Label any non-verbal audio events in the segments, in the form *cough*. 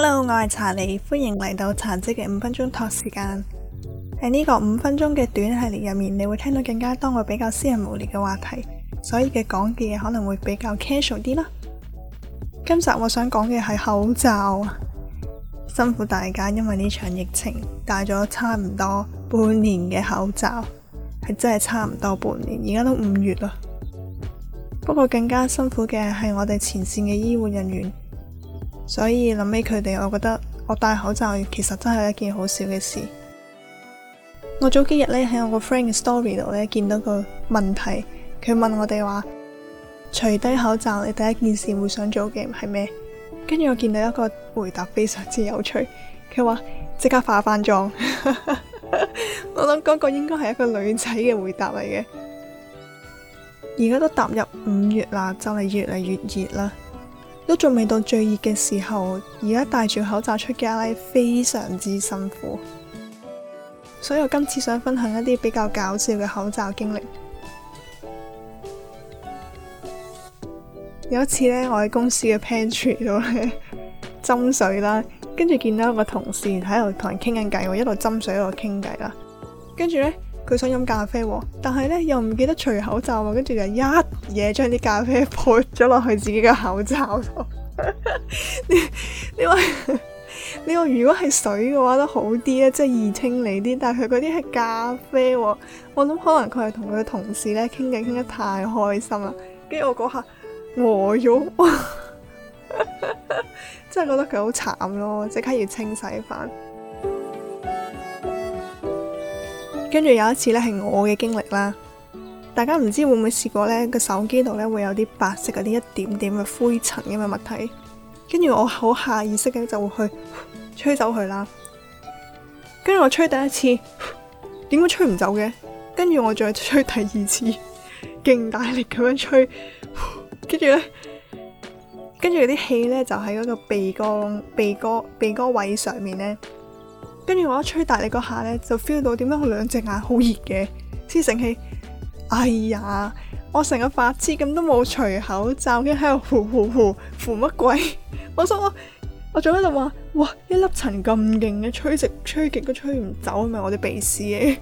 Hello，我係查理，歡迎嚟到查姐嘅五分鐘托 a l 時間。喺呢個五分鐘嘅短系列入面，你會聽到更加多我比較私人無聊嘅話題，所以嘅講嘅嘢，可能會比較 casual 啲啦。今集我想講嘅係口罩，辛苦大家，因為呢場疫情戴咗差唔多半年嘅口罩，係真係差唔多半年，而家都五月啦。不過更加辛苦嘅係我哋前線嘅醫護人員。所以諗起佢哋，我覺得我戴口罩其實真係一件好小嘅事。我早幾日呢，喺我個 friend 嘅 story 度呢，見到個問題，佢問我哋話，除低口罩你第一件事會想做嘅係咩？跟住我見到一個回答非常之有趣，佢話即刻化翻妝。 *laughs* 我諗嗰個應該係一個女仔嘅回答嚟嘅。而家都踏入五月啦，就嚟、是、越嚟越熱啦。都仲未到最熱嘅時候，而家戴住口罩出街咧，非常之辛苦。所以我今次想分享一啲比較搞笑嘅口罩經歷。 *noise* 有一次呢，我喺公司嘅 p a n t r ypantry 度咧斟 *laughs* 水啦，跟住見到一個同事喺度同人傾緊偈，我一路斟水一路傾偈啦，跟住呢。佢想飲咖啡，但係咧又唔記得除口罩啊，跟住就一嘢將啲咖啡潑咗落去自己嘅口罩度。你，你話你話如果係水嘅話都好啲啊，即係易清理啲。但係佢嗰啲係咖啡，我諗可能佢係同佢嘅同事咧傾偈傾得太開心啦，跟住我嗰下餓咗， *laughs* 真係覺得佢好慘咯，即刻要清洗翻。跟住有一次咧，係我嘅經歷啦。大家唔知會唔會試過呢？個手機度呢，會有啲白色嗰啲一,一點點嘅灰塵咁嘅物體。跟住我好下意識嘅就會去吹走佢啦。跟住我吹第一次，點解吹唔走嘅？跟住我再吹第二次，勁大力咁樣吹，跟住呢，跟住啲氣呢，就喺嗰個鼻哥、鼻哥、鼻哥位上面呢。跟住我一吹大力嗰下咧，就 feel 到點解我兩隻眼好熱嘅，先醒起。哎呀，我成個發黐咁都冇除口罩，跟住喺度呼呼呼，呼乜鬼？我心諗我我仲喺度話，哇，一粒塵咁勁嘅，吹直吹極都吹唔走啊！咪我啲鼻屎嘅。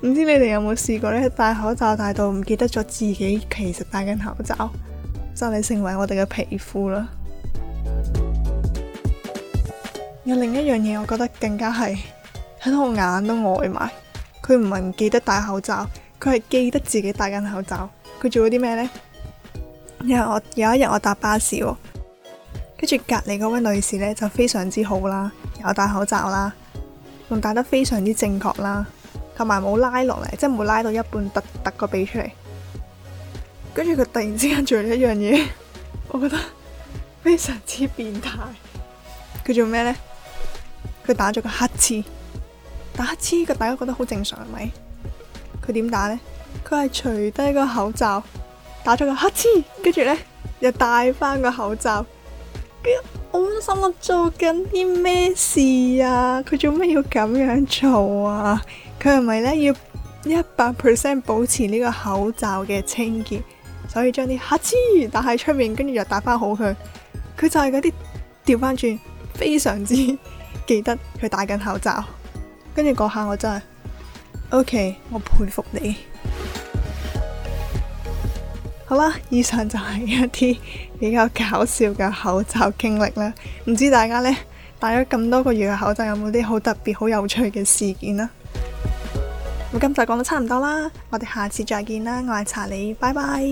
唔 *laughs* 知你哋有冇試過咧？戴口罩戴到唔記得咗自己其實戴緊口罩，就嚟成為我哋嘅皮膚啦。有另一樣嘢，我覺得更加係喺我眼都呆埋。佢唔係唔記得戴口罩，佢係記得自己戴緊口罩。佢做咗啲咩呢？有我有一日我搭巴士喎，跟住隔籬嗰位女士呢就非常之好啦，有戴口罩啦，仲戴得非常之正確啦，同埋冇拉落嚟，即係冇拉到一半凸突，突個鼻出嚟。跟住佢突然之間做咗一樣嘢，我覺得非常之變態。佢做咩呢？佢打咗個乞嗤，打乞嗤個大家覺得好正常係咪？佢點打呢？佢係除低個口罩，打咗個乞嗤，跟住呢，又戴翻個口罩。欸、我心諗做緊啲咩事啊？佢做咩要咁樣做啊？佢係咪呢？要一百 percent 保持呢個口罩嘅清潔，所以將啲乞嗤打喺出面，跟住又打翻好佢？佢就係嗰啲掉翻轉，非常之。記得佢戴緊口罩，跟住嗰下我真係，OK，我佩服你。好啦，以上就係一啲比較搞笑嘅口罩經歷啦。唔知大家呢，戴咗咁多個月嘅口罩，有冇啲好特別、好有趣嘅事件呢？我今集講到差唔多啦，我哋下次再見啦。我係查理，拜拜。